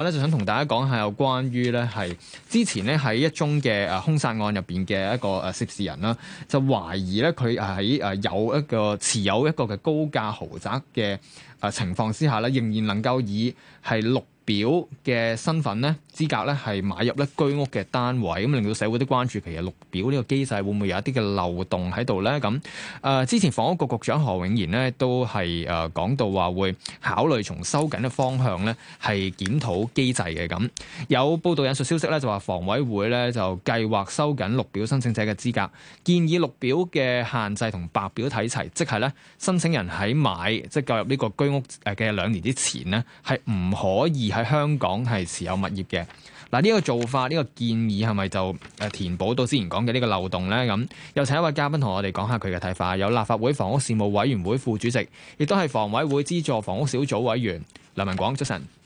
我咧就想同大家講下有關於咧係之前咧喺一宗嘅誒兇殺案入邊嘅一個誒涉事人啦，就懷疑咧佢係喺誒有一個持有一個嘅高價豪宅嘅誒情況之下咧，仍然能夠以係六表嘅身份咧、資格咧，係買入咧居屋嘅單位，咁令到社會啲關注，譬如綠表呢個機制會唔會有一啲嘅漏洞喺度咧？咁、嗯、誒之前房屋局局長何永賢咧都係誒講到話會考慮從收緊嘅方向咧，係檢討機制嘅。咁有報道引述消息咧，就話房委會咧就計劃收緊綠表申請者嘅資格，建議綠表嘅限制同白表睇齊，即係咧申請人喺買即係購入呢個居屋誒嘅兩年之前咧係唔可以係。香港係持有物業嘅嗱，呢、呢個做法呢、呢個建議係咪就誒填補到之前講嘅呢個漏洞呢？咁又請一位嘉賓同我哋講下佢嘅睇法，有立法會房屋事務委員會副主席，亦都係房委會資助房屋小組委員梁文廣，早晨。出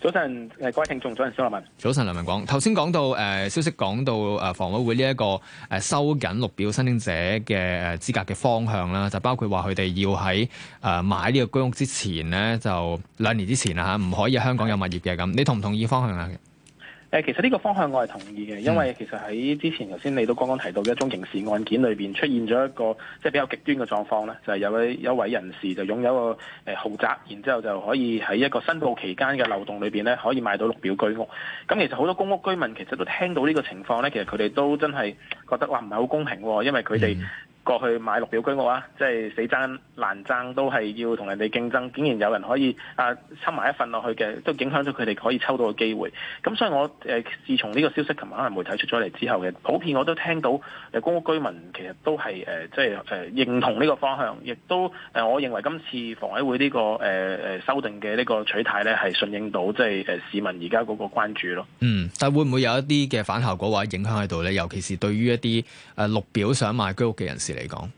早晨，誒各位聽眾，早晨，小立文。早晨，梁文廣，頭先講到誒、呃、消息講到誒、呃、房委會呢一個誒收緊綠表申請者嘅誒資格嘅方向啦，就包括話佢哋要喺誒、呃、買呢個居屋之前咧，就兩年之前啦嚇，唔、啊、可以香港有物業嘅，咁，你同唔同意方向啊？誒，其實呢個方向我係同意嘅，因為其實喺之前頭先你都剛剛提到嘅一宗刑事案件裏邊出現咗一個即係、就是、比較極端嘅狀況咧，就係、是、有一一位人士就擁有個誒豪宅，然之後就可以喺一個申報期間嘅漏洞裏邊咧，可以買到綠表居屋。咁其實好多公屋居民其實都聽到呢個情況咧，其實佢哋都真係覺得話唔係好公平喎，因為佢哋。過去買綠表居屋啊，即係死爭難爭，都係要同人哋競爭。竟然有人可以啊，抽埋一份落去嘅，都影響咗佢哋可以抽到嘅機會。咁所以我誒，自從呢個消息琴晚係媒體出咗嚟之後嘅，普遍我都聽到誒公屋居民其實都係誒，即係誒認同呢個方向，亦都誒，我認為今次房委會呢個誒誒修訂嘅呢個取態咧，係順應到即係誒市民而家嗰個關注咯。嗯，但會唔會有一啲嘅反效果或者影響喺度咧？尤其是對於一啲誒綠表想買居屋嘅人士。嚟講，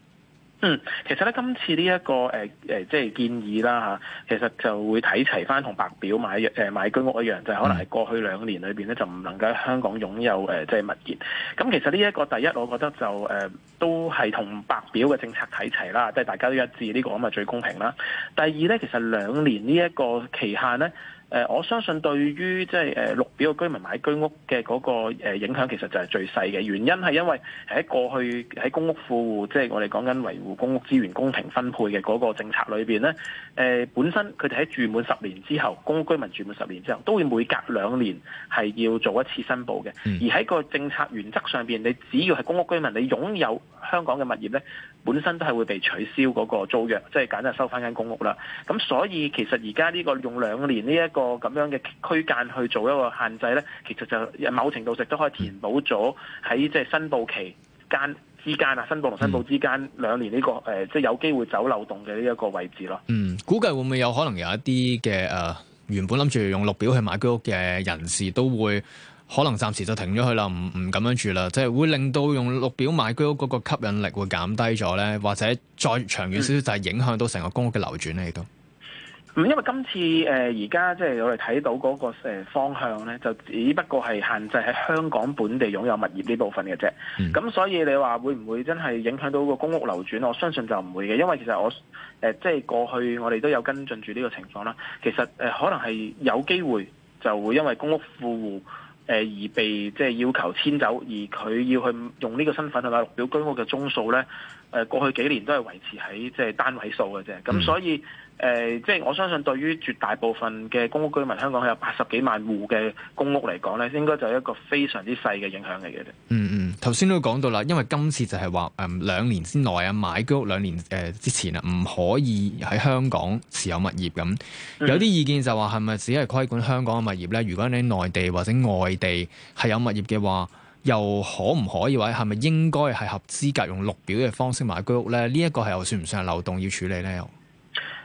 嗯，其實咧今次呢、這、一個誒誒、呃呃，即係建議啦吓，其實就會睇齊翻同白表買誒、呃、買居屋一樣，就是，可能係過去兩年裏邊咧就唔能夠喺香港擁有誒、呃、即係物業。咁其實呢、這、一個第一，我覺得就誒、呃、都係同白表嘅政策睇齊啦，即係大家都一致呢、這個咁啊最公平啦。第二咧，其實兩年呢一個期限咧。誒，我相信對於即係誒綠表嘅居民買居屋嘅嗰個誒影響，其實就係最細嘅。原因係因為喺過去喺公屋富戶，即係我哋講緊維護公屋資源公平分配嘅嗰個政策裏邊咧，誒本身佢哋喺住滿十年之後，公屋居民住滿十年之後，都會每隔兩年係要做一次申報嘅。而喺個政策原則上面，你只要係公屋居民，你擁有香港嘅物業咧，本身都係會被取消嗰個租約，即係簡單收翻間公屋啦。咁所以其實而家呢個用兩年呢一個個咁樣嘅區間去做一個限制呢，其實就某程度上都可以填補咗喺即係申報期間之間啊，申報同申報之間兩年呢、這個誒、呃，即係有機會走漏洞嘅呢一個位置咯。嗯，估計會唔會有可能有一啲嘅誒，原本諗住用綠表去買居屋嘅人士都會可能暫時就停咗去啦，唔唔咁樣住啦，即、就、係、是、會令到用綠表買居屋嗰個吸引力會減低咗呢，或者再長遠少少就係影響到成個公屋嘅流轉咧，都、嗯。嗯，因為今次誒而家即係我哋睇到嗰、那個、呃、方向咧，就只不過係限制喺香港本地擁有物業呢部分嘅啫。咁、嗯、所以你話會唔會真係影響到個公屋流轉？我相信就唔會嘅，因為其實我誒即係過去我哋都有跟進住呢個情況啦。其實誒、呃、可能係有機會就會因為公屋富戶誒而被即係、呃就是、要求遷走，而佢要去用呢個身份去買綠表居屋嘅宗數咧。誒、呃、過去幾年都係維持喺即係單位數嘅啫。咁、嗯、所以。誒、呃，即係我相信，對於絕大部分嘅公屋居民，香港係有八十幾萬戶嘅公屋嚟講咧，應該就係一個非常之細嘅影響嚟嘅啫。嗯嗯，頭先都講到啦，因為今次就係話誒兩年之內啊，買居屋兩年誒、呃、之前啊，唔可以喺香港持有物業咁。有啲意見就話係咪只係規管香港嘅物業呢？如果你喺內地或者外地係有物業嘅話，又可唔可以或者係咪應該係合資格用綠表嘅方式買居屋呢？呢、這、一個係又算唔算係漏洞要處理呢？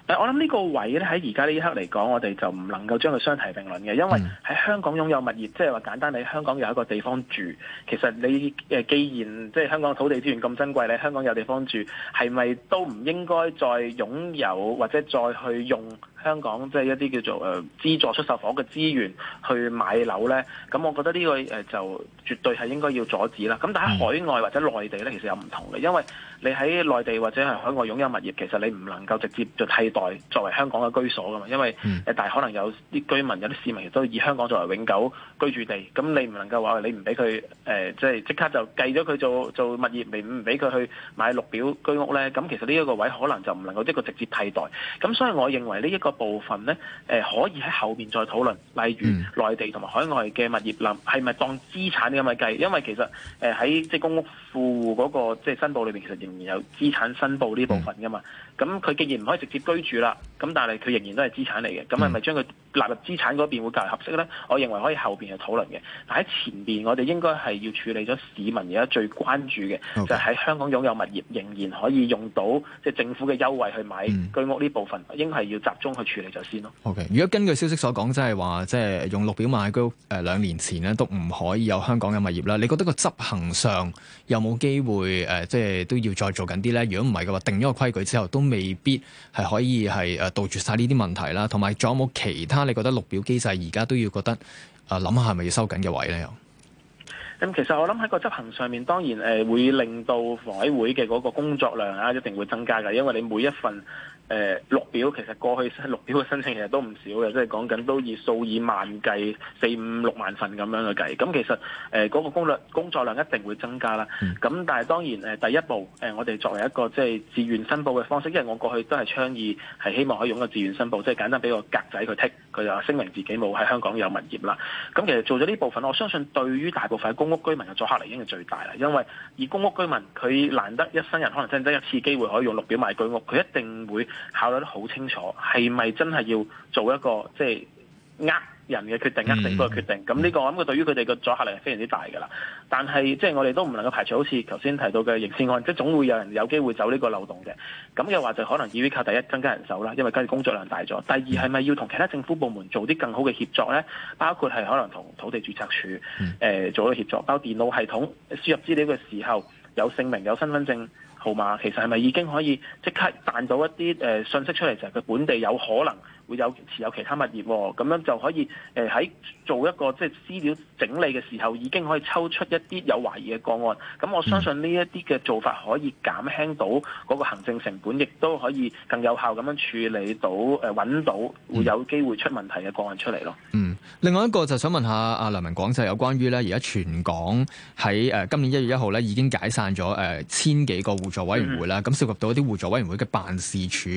但我諗呢個位咧，喺而家呢一刻嚟講，我哋就唔能夠將佢相提並論嘅，因為喺香港擁有物業，即係話簡單，你香港有一個地方住，其實你誒既然即係、就是、香港土地資源咁珍貴，你香港有地方住，係咪都唔應該再擁有或者再去用？香港即係一啲叫做誒資助出售房嘅資源去買樓咧，咁我覺得呢個誒就絕對係應該要阻止啦。咁但喺海外或者內地咧，其實有唔同嘅，因為你喺內地或者係海外擁有物業，其實你唔能夠直接就替代作為香港嘅居所噶嘛。因為誒、嗯，但係可能有啲居民有啲市民亦都以香港作為永久居住地，咁你唔能夠話你唔俾佢誒，即係即刻就計咗佢做做物業，未唔俾佢去買綠表居屋咧？咁其實呢一個位可能就唔能夠一個直接替代。咁所以我認為呢、這、一個。部分咧，誒、呃、可以喺後邊再討論，例如內地同埋海外嘅物業，林係咪當資產咁嚟計？因為其實誒喺、呃、即係公屋富戶嗰個即係申報裏邊，其實仍然有資產申報呢部分噶嘛。咁佢既然唔可以直接居住啦，咁但係佢仍然都係資產嚟嘅，咁係咪將佢納入資產嗰邊會較為合適咧？我認為可以後邊去討論嘅。但喺前邊，我哋應該係要處理咗市民而家最關注嘅，okay. 就係喺香港擁有物業仍然可以用到即係政府嘅優惠去買居屋呢部分，應係要集中去。處理就先咯。OK，如果根據消息所講、就是，即係話，即係用綠表買高，誒、呃、兩年前咧都唔可以有香港嘅物業啦。你覺得個執行上有冇機會誒、呃，即係都要再做緊啲咧？如果唔係嘅話，定咗個規矩之後，都未必係可以係誒、呃、杜絕晒呢啲問題啦。同埋仲有冇其他？你覺得綠表機制而家都要覺得誒，諗、呃、下係咪要收緊嘅位咧？又、嗯、咁其實我諗喺個執行上面，當然誒、呃、會令到房委會嘅嗰個工作量啊，一定會增加㗎，因為你每一份。誒、呃、綠表其實過去綠表嘅申請其實都唔少嘅，即係講緊都以數以萬計，四五六萬份咁樣去計。咁其實誒嗰、呃那個工作量一定會增加啦。咁但係當然、呃、第一步誒、呃、我哋作為一個即係自願申報嘅方式，因為我過去都係倡議係希望可以用個自願申報，即、就、係、是、簡單俾個格仔佢剔。佢就聲明自己冇喺香港有物業啦，咁其實做咗呢部分，我相信對於大部分公屋居民嘅阻嚇力已經係最大啦，因為以公屋居民佢難得一生人可能真係得一次機會可以用綠表買居屋，佢一定會考慮得好清楚，係咪真係要做一個即係呃，就是人嘅決,、啊、決定，政府嘅決定，咁呢個咁佢對於佢哋嘅阻嚇力係非常之大㗎啦。但係即係我哋都唔能夠排除，好似頭先提到嘅刑事案，即係總會有人有機會走呢個漏洞嘅。咁又話就可能要依靠第一增加人手啦，因為跟住工作量大咗。第二係咪要同其他政府部門做啲更好嘅協作呢？包括係可能同土地註冊處誒、呃、做嘅協作，包括電腦系統輸入資料嘅時候有姓名、有身份證號碼，其實係咪已經可以即刻彈到一啲誒、呃、信息出嚟，就係佢本地有可能。會有持有其他物業，咁樣就可以誒喺做一個即係資料整理嘅時候，已經可以抽出一啲有懷疑嘅個案。咁我相信呢一啲嘅做法可以減輕到嗰個行政成本，亦都可以更有效咁樣處理到誒搵到會有機會出問題嘅個案出嚟咯。嗯。另外一個就想問下阿梁文廣，就有關於咧，而家全港喺誒今年一月一號咧已經解散咗誒千幾個互助委員會啦。咁涉及到一啲互助委員會嘅辦事處，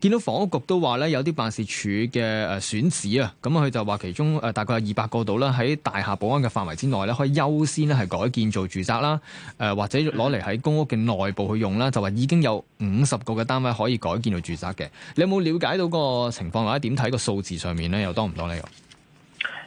見到房屋局都話咧，有啲辦事處嘅誒選址啊。咁佢就話其中誒大概有二百個度咧，喺大廈保安嘅範圍之內咧，可以優先咧係改建做住宅啦。誒或者攞嚟喺公屋嘅內部去用啦。就話已經有五十個嘅單位可以改建做住宅嘅。你有冇了解到個情況，或者點睇個數字上面咧？又多唔多呢個？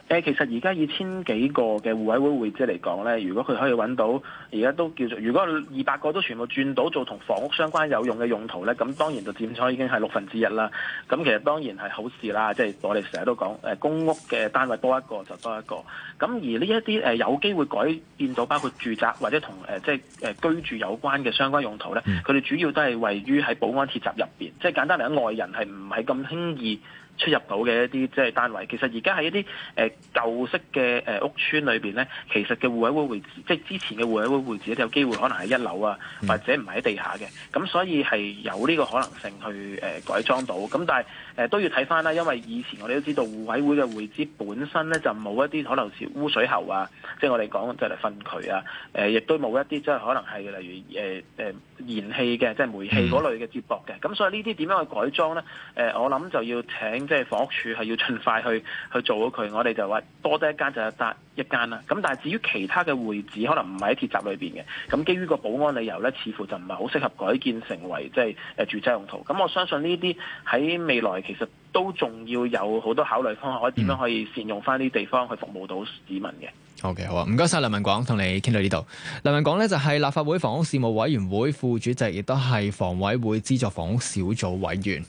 誒，其實而家二千幾個嘅互委會會址嚟講咧，如果佢可以揾到，而家都叫做，如果二百個都全部轉到做同房屋相關有用嘅用途咧，咁當然就佔咗已經係六分之一啦。咁其實當然係好事啦，即係我哋成日都講，誒公屋嘅單位多一個就多一個。咁而呢一啲誒有機會改變到包括住宅或者同誒即係誒居住有關嘅相關用途咧，嗯，佢哋主要都係位於喺保安鐵閘入邊，即係簡單嚟講外人係唔係咁輕易。出入到嘅一啲即係單位，其實而家喺一啲誒舊式嘅誒、呃、屋邨裏邊咧，其實嘅互委會，會即係之前嘅互委會會址咧，有機會可能係一樓啊，或者唔係喺地下嘅，咁所以係有呢個可能性去誒、呃、改裝到，咁但係誒都要睇返啦，因為以前我哋都知道互委會嘅會址本身咧就冇一啲可能是污水喉啊，即係我哋講即係嚟分渠啊，亦都冇一啲即係可能係例如誒燃氣嘅，即、呃、係煤氣嗰類嘅接駁嘅，咁所以呢啲點樣去改裝咧？我諗就要請即係房屋署係要盡快去去做到佢，我哋就話多得一間就一搭一間啦，咁但係至於其他嘅會址，可能唔係喺鐵閘裏邊嘅，咁基於個保安理由呢，似乎就唔係好適合改建成為即係誒住宅用途。咁我相信呢啲喺未來其實都仲要有好多考慮方法，點樣可以善用翻呢啲地方去服務到市民嘅、嗯。OK，好啊，唔該晒。梁文廣，同你傾到呢度。梁文廣呢，就係立法會房屋事務委員會副主席，亦都係房委會資助房屋小組委員。